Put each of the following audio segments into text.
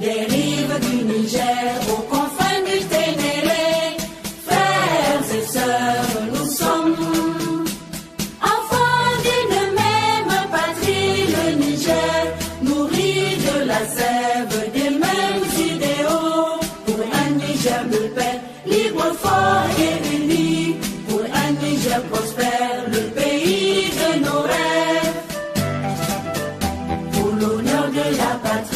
des rives du Niger aux confins du Ténéré. Frères et sœurs, nous sommes enfants d'une même patrie, le Niger, nourri de la sève des mêmes idéaux. Pour un Niger de paix, libre, fort et uni, pour un Niger prospère, le pays de nos rêves. Pour l'honneur de la patrie.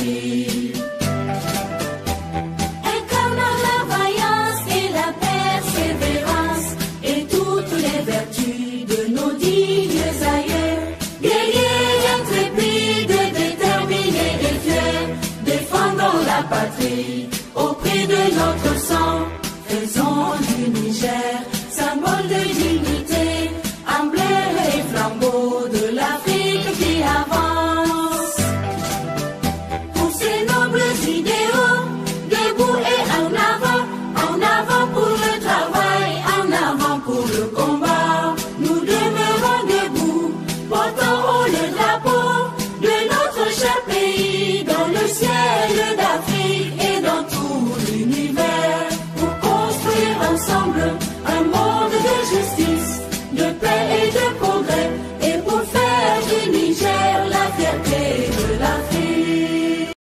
au prix de notre sang. Faisons du Niger, symbole de dignité, emblème et flambeau de l'Afrique qui avance. Pour ces nobles idéaux, debout et en avant, en avant pour le travail, en avant pour le combat. Nous demeurons debout, Portons haut le drapeau de notre cher pays dans le ciel.